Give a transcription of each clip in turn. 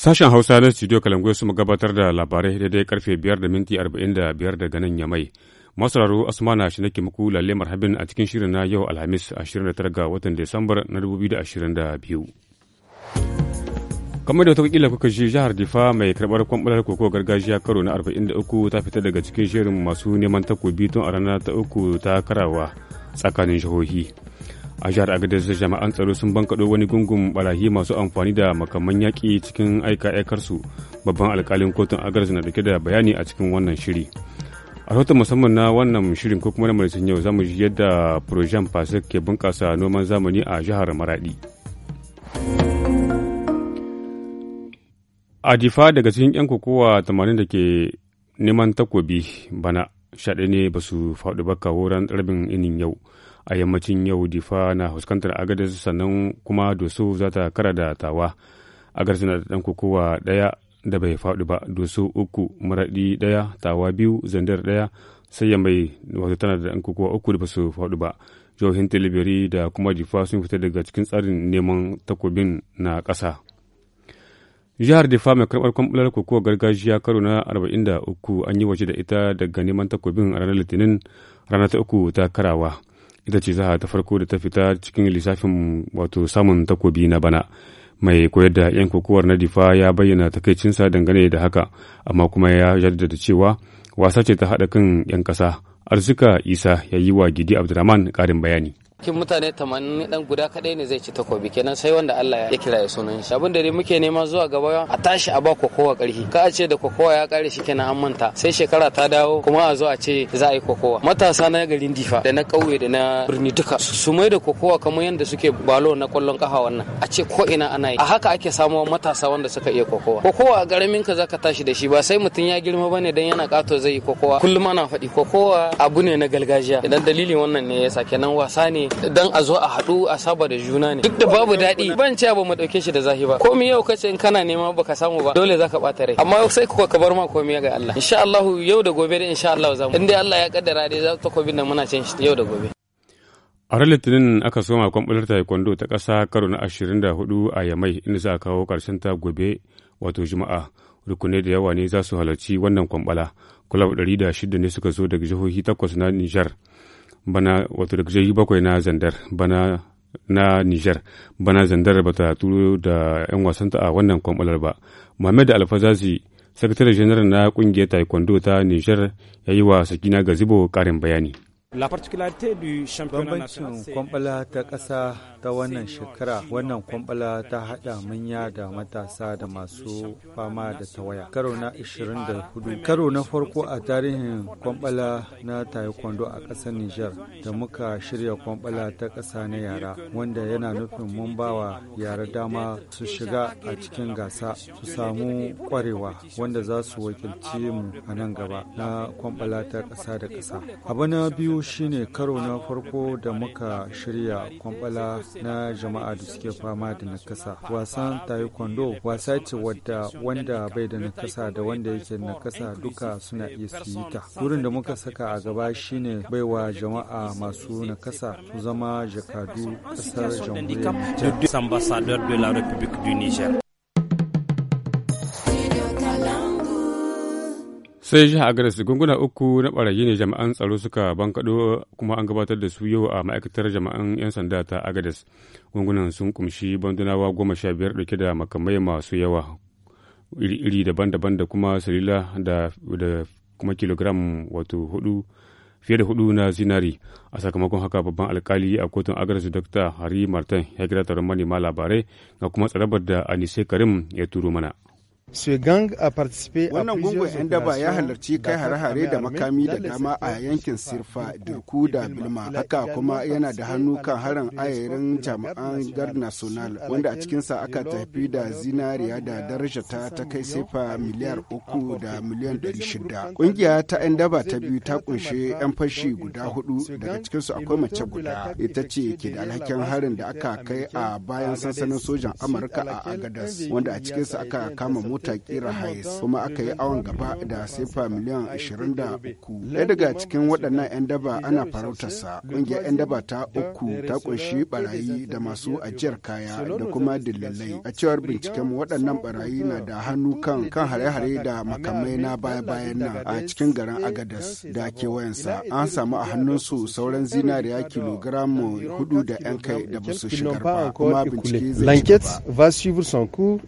Sashen Hausa na Studio Kalangoyo su gabatar da labarai daidai karfe 5 da minti 45 daga nan Yamai. Masararo Asmana shi nake muku lalle marhabin a cikin shirin na yau Alhamis 29 ga watan Desambar na 2022. Kamar da wata watakila kuka ji jihar Difa mai karɓar kwamɓalar koko gargajiya karo na 43 ta fita daga cikin shirin masu neman takobi tun a rana ta uku ta karawa tsakanin jihohi. a jihar agadez jama'an tsaro sun bankaɗo wani gungun barahi masu amfani da makaman yaƙi cikin aika-aikarsu babban alkalin kotun agadez na dauke da bayani a cikin wannan shiri a rahoton musamman na wannan shirin ko kuma na maraicin yau zamu ji yadda projan pacific ke bunƙasa noman zamani a jihar maradi a jifa daga cikin 'yan kokowa tamanin da ke neman takobi bana sha ne ba su faɗi ba kawo ran rabin inin yau a yammacin yau difa na fuskantar agadez sannan kuma doso za ta kara da tawa agadez na da ɗan kokowa ɗaya da bai faɗi ba doso uku maraɗi ɗaya tawa biyu zandar ɗaya sai mai wato tana da ɗan kokowa uku da ba su faɗi ba jihohin tilibiri da kuma difa sun fita daga cikin tsarin neman takobin na ƙasa jihar difa mai karɓar kwamfular kokowa gargajiya karo na 43 an yi waje da ita daga neman takobin a ranar litinin rana ta uku ta karawa ita ce a ta farko da ta fita cikin lissafin wato samun takobi na bana mai koyar da 'yan kokowar na difa ya bayyana takaicinsa dangane da haka amma kuma ya jaddada cewa wasa ce ta haɗa kan 'yan ƙasa arzika isa ya yi wa gidi abdulrahman ƙarin bayani kin mutane 80 dan guda kadai ne zai ci takobi kenan sai wanda Allah ya kira ya sunan shi abin da ne muke nema zuwa gaba a tashi a ba kokowa karfi ka a ce da kokowa ya kare shi kenan an manta sai shekara ta dawo kuma a zo a ce za a yi kokowa matasa na garin difa da na kauye da na birni duka su mai da kokowa kamar yanda suke balo na kwallon kafa wannan a ce ko ina ana yi a haka ake samu matasa wanda suka iya kokowa kokowa a garamin ka zaka tashi da shi ba sai mutum ya girma bane dan yana kato zai yi kokowa kullum ana faɗi kokowa abu ne na gargajiya idan dalilin wannan ne yasa kenan wasa ne dan a zo a haɗu a saba da juna ne duk da babu daɗi ban cewa ba mu ɗauke shi da zahi ba komai yau kace in kana nema baka samu ba dole zaka ɓata rai amma sai kuka ka bar ma komai ga Allah insha Allah yau da gobe da insha Allah zamu inda Allah ya kaddara dai za ta kobin nan muna cin shi yau da gobe a ran litinin aka soma kwamfular taekwondo ta ƙasa karo na 24 a yamai inda za a kawo ƙarshen ta gobe wato juma'a rukunai da yawa ne za su halarci wannan kwambala kulab 106 ne suka zo daga jihohi takwas na nijar bana wato da jihohi bakwai na zandar bana na niger bana zandar ba ta turo da 'yan wasanta a wannan kwamɓalar ba. Mohamed Alfazazi, sakataren janar na ƙungiyar taekwondo ta niger ya yi wa Sakina Gazibo karin bayani. Bambancin kwamɓala ta ƙasa ta wannan shekara wannan kwambala ta haɗa manya da matasa da masu fama da tawaya karo na 24 karo na farko a tarihin kwambala na taekwondo a ƙasar niger da muka shirya kwambala ta ƙasa na yara wanda yana nufin mun bawa yara dama su shiga a cikin gasa su samu kwarewa wanda za su wakilci mu a nan gaba na kwambala ta ƙasa da ƙasa abu na biyu shine karo na farko da muka shirya kwambala na jama'a da suke fama da nakasa wasan taekwondo wasa ce wadda wanda bai da nakasa da wanda yake nakasa duka suna iya yi ta wurin da muka saka a gaba shine baiwa jama'a masu nakasa su zama jakadu kasar jamhuriyar sai jiha gadas gunguna uku na ɓarayi ne jama'an tsaro suka bankaɗo kuma an gabatar da su yau a ma'aikatar jama'an 'yan sanda ta agadas gungunan sun kumshi bandunawa goma sha biyar ɗauke da makamai masu yawa iri daban-daban da kuma salila da kuma kilogram wato hudu fiye da hudu na zinari a sakamakon haka babban alkali a kotun agadas dr hari martin ya gida taron manema labarai ga kuma tsarabar da anise karim ya turo mana Wannan gungun 'yan daba ya halarci kai hare-hare da makami da dama a yankin Sirfa, Dirku da Bilma. Haka kuma yana da hannu kan harin ayarin jami'an Guard National wanda a cikinsa aka tafi da zinariya da daraja ta ta kai sefa miliyar uku da miliyan ɗari shida. Ƙungiya ta 'yan daba ta biyu ta kunshe 'yan fashi guda hudu daga cikinsu akwai mace guda. Ita ce ke da alhakin harin da aka kai a bayan sansanin sojan Amurka a Agadas wanda a cikinsa aka kama mota mota kira kuma aka yi awon gaba da sefa miliyan 23 ɗaya daga cikin waɗannan 'yan daba ana farautarsa ƙungiyar 'yan daba ta uku ta ƙunshi barayi da masu ajiyar kaya da kuma dillalai a cewar binciken waɗannan barayi na da hannu kan kan hare-hare da makamai na baya-bayan nan a cikin garin agadas da kewayensa an samu a hannun su sauran zinariya kilogram hudu da 'yan kai da ba shigar ba kuma bincike zai ci gaba.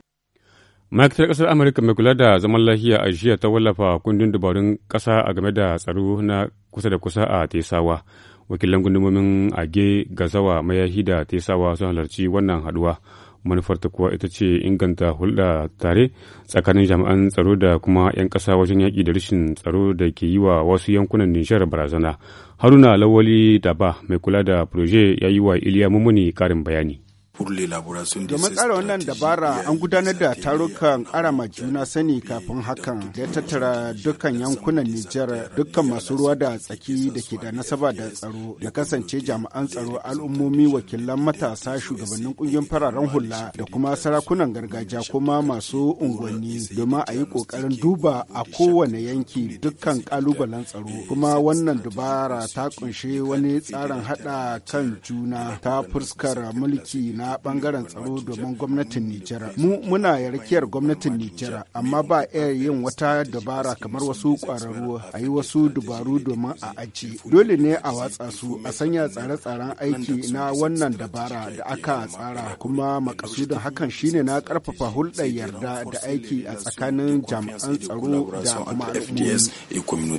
ma'aikatar ƙasar amurka mai kula da zaman lafiya a jiya ta wallafa kundin dubarun ƙasa a game da tsaro na kusa da kusa a tesawa wakilan gundumomin age gazawa mayahi da tesawa sun halarci wannan haduwa manufar ta kuwa ita ce inganta hulɗa tare tsakanin jami'an tsaro da kuma 'yan ƙasa wajen yaƙi da rashin tsaro da ke yi wa wasu yankunan nishar barazana haruna lawali daba mai kula da proje ya yi wa iliya mummuni karin bayani Domin tsara wannan dabara an gudanar da tarukan arama juna sani kafin hakan ya tattara dukkan yankunan Nijar dukkan masu ruwa da tsaki da ke da nasaba da tsaro da kasance jami'an tsaro al'ummomi wakilan matasa shugabannin kungiyoyin fararen hula da kuma sarakunan gargajiya kuma masu unguwanni domin a yi kokarin duba a kowane yanki dukkan kalubalen tsaro kuma wannan dabara. ta kunshe wani tsarin hada kan juna ta fuskar mulki na bangaren tsaro domin gwamnatin Nijar. Mu muna yarkiyar gwamnatin Nijar amma ba iya yin wata dabara kamar wasu ƙwararru a yi wasu dubaru domin a aji. Dole ne a watsa su a sanya tsare-tsaren aiki na wannan dabara da aka tsara kuma makasudin hakan shine na karfafa hulɗar yarda da aiki a tsakanin jami'an tsaro da kuma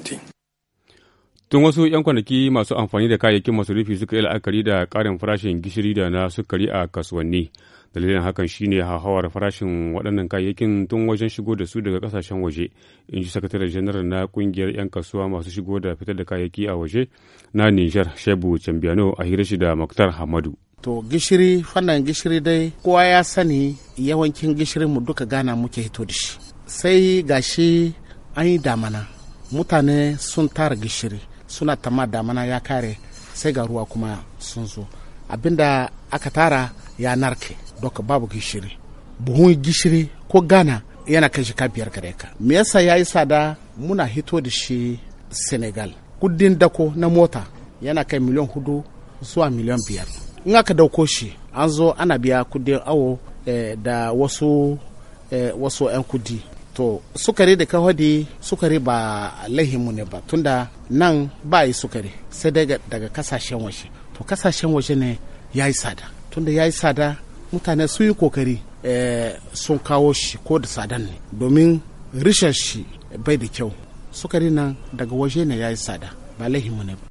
tun wasu 'yan kwanaki masu amfani da kayayyakin masarufi suka yi la'akari da ƙarin farashin gishiri da na sukari a kasuwanni dalilin hakan shine hauhawar farashin waɗannan kayayyakin tun wajen shigo da su daga ƙasashen waje in ji sakataren janar na kungiyar 'yan kasuwa masu shigo da fitar da kayayyaki a waje na nijar shebu cambiano a hira shi da maktar hamadu to gishiri fannin gishiri dai kowa ya sani yawancin gishirin mu duka gana muke hito da shi sai gashi an yi damana mutane sun tara gishiri suna tama damana ya kare sai ga ruwa kuma sun zo abinda aka tara ya narke doka babu gishiri buhun gishiri ko gana yana kai shi biyar gare ka me yasa ya yi sada muna hito da shi senegal kudin dako na mota yana kai miliyan hudu zuwa miliyan biyar in aka dauko shi an zo ana biya kudin awo eh, da wasu eh, wasu 'yan kudi to sukari da kawadi sukari ba lahimu ne ba tunda nan ba yi sukari sai daga, daga kasashen waje to kasashen waje ne ya yi sada tunda ya yi sada mutane su yi kokari eh, sun kawo shi ko da sadan ne domin rishar shi bai da kyau sukari nan daga waje ne ya yi sada ba lahimu ne ba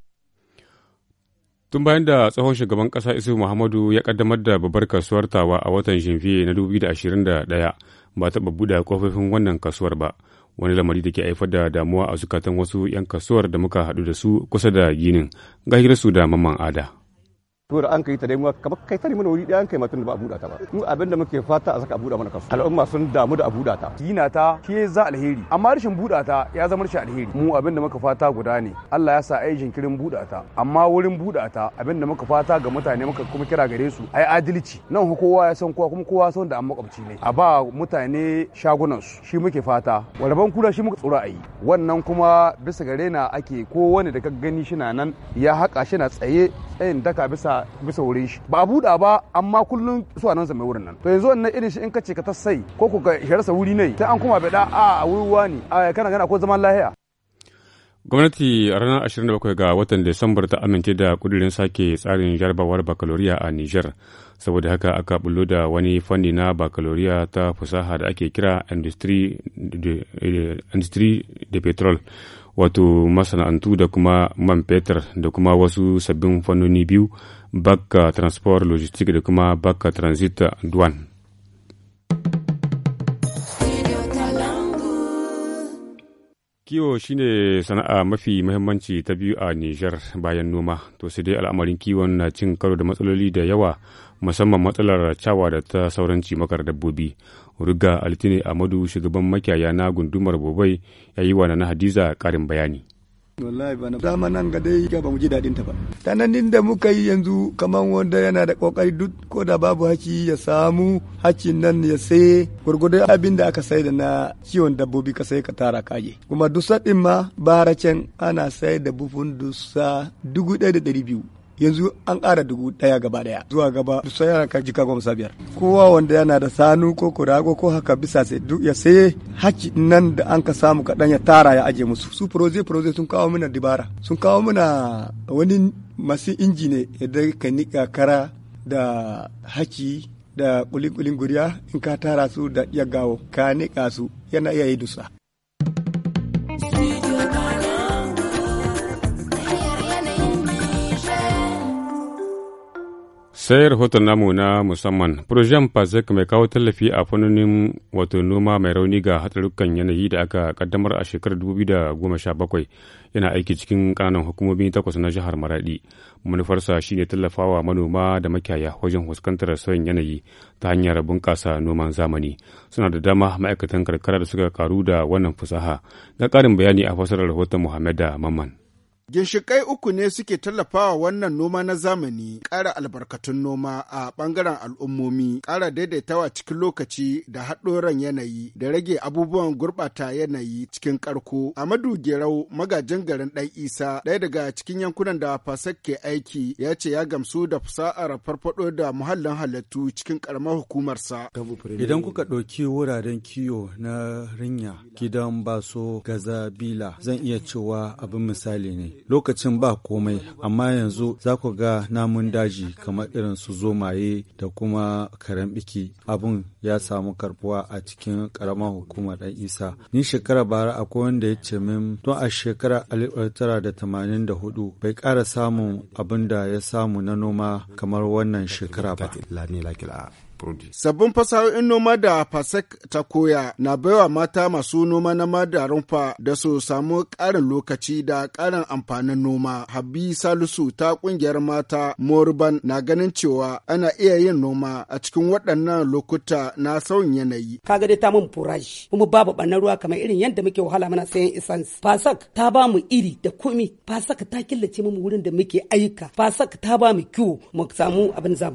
tun bayan da tsohon shugaban kasa isu muhammadu ya kaddamar da babbar kasuwar tawa a watan janvier na 2021 ba taɓa buɗe kofofin wannan kasuwar ba wani lamari da ke haifar da damuwa a zukatan wasu 'yan kasuwar da muka haɗu da su kusa da ginin ga su da mamman ada. to da an kai ta dai mu kamar kai tare mana wuri ɗaya an kai matan da ba a buɗa ta ba mu abin da muke fata a saka a buɗa mana kasu al'umma sun damu da a buɗa ta yina ta ke za alheri amma rashin buɗa ta ya zama rashin alheri mu abin da muka fata guda ne Allah ya sa ai jinkirin buɗa ta amma wurin buɗa ta abin da muka fata ga mutane muka kuma kira gare su ai adalci nan kowa ya san kowa kuma kowa san da an makwabci ne a ba mutane shagunan su shi muke fata walaban kura shi muka tsura ayi wannan kuma bisa gare na ake wani da ka gani shi na nan ya haƙa shi na tsaye tsayin daka bisa bisa wurin shi ba a buɗa ba amma kullum su nan zama wurin nan to yanzu wannan irin shi in ka ce ka ta sai ko ku ka hirarsa wuri ne sai an kuma bai da a wuri ne a kana gana ko zaman lahiya Gwamnati a ranar 27 ga watan Disambar ta amince da kudirin sake tsarin jarabawar bakaloriya a niger saboda haka aka bullo da wani fanni na bakaloriya ta fasaha da ake kira industry de petrol, wato masana'antu da kuma man fetur da kuma wasu sabbin fannoni biyu bakka transport logistique da kuma bakka transit douane Kiwo shine sana'a mafi mahimmanci ta biyu a Nijar bayan noma, to sai dai al'amarin kiwon na cin karo da matsaloli da yawa musamman matsalar cawa da ta sauran cimakar dabbobi. Ruga Altine Amadu shugaban makiyaya na gundumar Bobai ya yi wa na Hadiza karin bayani. wallahi bana nan ga dai ga mu ji daɗin ta ba tananin da muka yi yanzu kaman wanda yana da kokari duk ko da babu haki ya samu hakin nan ya saye gurgurdo abin da aka sai da na ciwon dabbobi ka sai ka tara kaje kuma dusa din ma baracen ana sai da bufun dusa dubu ɗaya da ɗari biyu yanzu an ƙara dubu ɗaya gaba ɗaya zuwa gaba sai yana ka jika goma sha kowa wanda yana da sanu ko kurago ko haka bisa sai duk ya saye haki nan da an ka samu kaɗan ya tara ya aje musu su proje proje sun kawo mana dibara sun kawo mana wani masu inji ne da ka niƙa kara da haki da kulikulin guriya in ka tara su da iya gawo ka niƙa su yana iya yi dusa sai rahoton namu na musamman projen pasek mai kawo tallafi a fannonin wato noma mai rauni ga hatsarukan yanayi da aka kaddamar a shekarar bakwai yana aiki cikin kananan hukumomi takwas na jihar maradi manufarsa shine tallafawa manoma da makiyaya wajen fuskantar sauyin yanayi ta hanyar bunƙasa noman zamani suna da dama ma'aikatan karkara da suka karu da wannan fasaha ga ƙarin bayani a fasarar rahoton muhammad da mamman Ginshikai uku ne suke tallafawa wannan noma na zamani, ƙara albarkatun noma a ɓangaren al'ummomi, ƙara daidaitawa cikin lokaci da haɗoran yanayi da rage abubuwan gurɓata yanayi cikin ƙarko. Amadu Gerau, magajin garin ɗan Isa, ɗaya daga cikin yankunan da Fasak ke aiki, ya ce ya gamsu da fasa'ar farfaɗo da muhallin halittu cikin ƙaramar hukumarsa. Idan kuka ɗauki wuraren kiwo na rinya, gidan baso, gaza, bila, zan iya cewa abin misali ne. lokacin ba komai amma yanzu za ku ga namun daji kamar irin su zomaye da kuma karen biki abun ya samu karbuwa a cikin karamar hukumar dan isa ni shekara bara akwai wanda ya ce min tun a shekara 1984 bai kara samun abin da ya samu na noma kamar wannan shekara ba produce. Sabbin fasahohin noma da pasek ta koya na baiwa mata masu noma na da rumfa da su samu ƙarin lokaci da ƙarin amfanin noma. Habi Salisu ta ƙungiyar mata Morban na ganin cewa ana iya yin noma a cikin waɗannan lokuta na sauyin yanayi. Kaga dai ta mun furashi kuma babu ɓannan ruwa kamar irin yadda muke wahala mana sayan isans. pasek ta ba mu iri da komi. pasek ta killace mu wurin da muke ayyuka. pasek ta ba mu kiwo mu samu abin za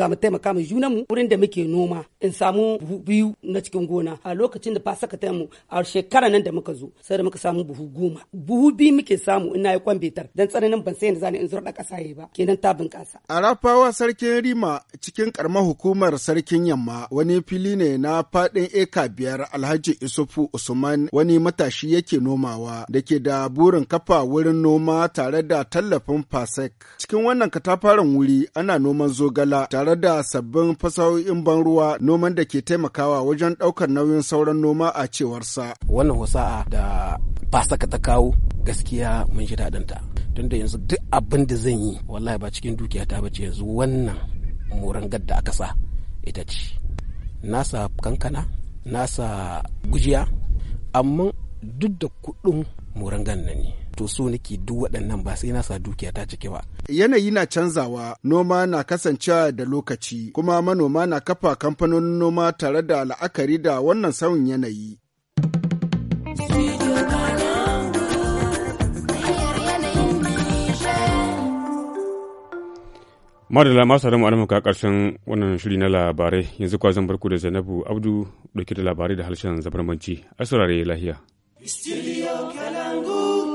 za mu taimaka mu nan wurin da muke noma in samu buhu biyu na cikin gona a lokacin da fasaka ta mu a shekara nan da muka zo sai da muka samu buhu goma buhu biyu muke samu ina yi kwan betar dan tsananin ban sai yadda zani in zurɗa ƙasa ba kenan ta bunƙasa. a rafawa sarkin rima cikin karamar hukumar sarkin yamma wani fili ne na faɗin eka biyar alhaji isufu usman wani matashi yake nomawa da ke da burin kafa wurin noma tare da tallafin fasek cikin wannan katafaren wuri ana noman zogala tare da sabbin sabbin fasahohin ban ruwa noman da ke taimakawa wajen ɗaukar nauyin sauran noma a cewarsa. Wannan wasa'a da fasaka ta kawo gaskiya mun ji daɗinta. Tun da yanzu duk abin da zan yi wallahi ba cikin dukiya ta bace yanzu wannan moran da aka sa ita ce. Nasa kankana, nasa gujiya, amma duk da kuɗin morangan nan ne. to so nake duk waɗannan ba sai na sa dukiya ta cike ba. Yanayi na canzawa noma na kasancewa da lokaci kuma manoma na kafa kamfanonin noma tare da la'akari da wannan sauyin yanayi. madalla masu haramu alamuka ka karshen wannan shiri na labarai yanzu kwa zan barku da zainabu abdu dauke da labarai da harshen zabarmanci a saurare lahiya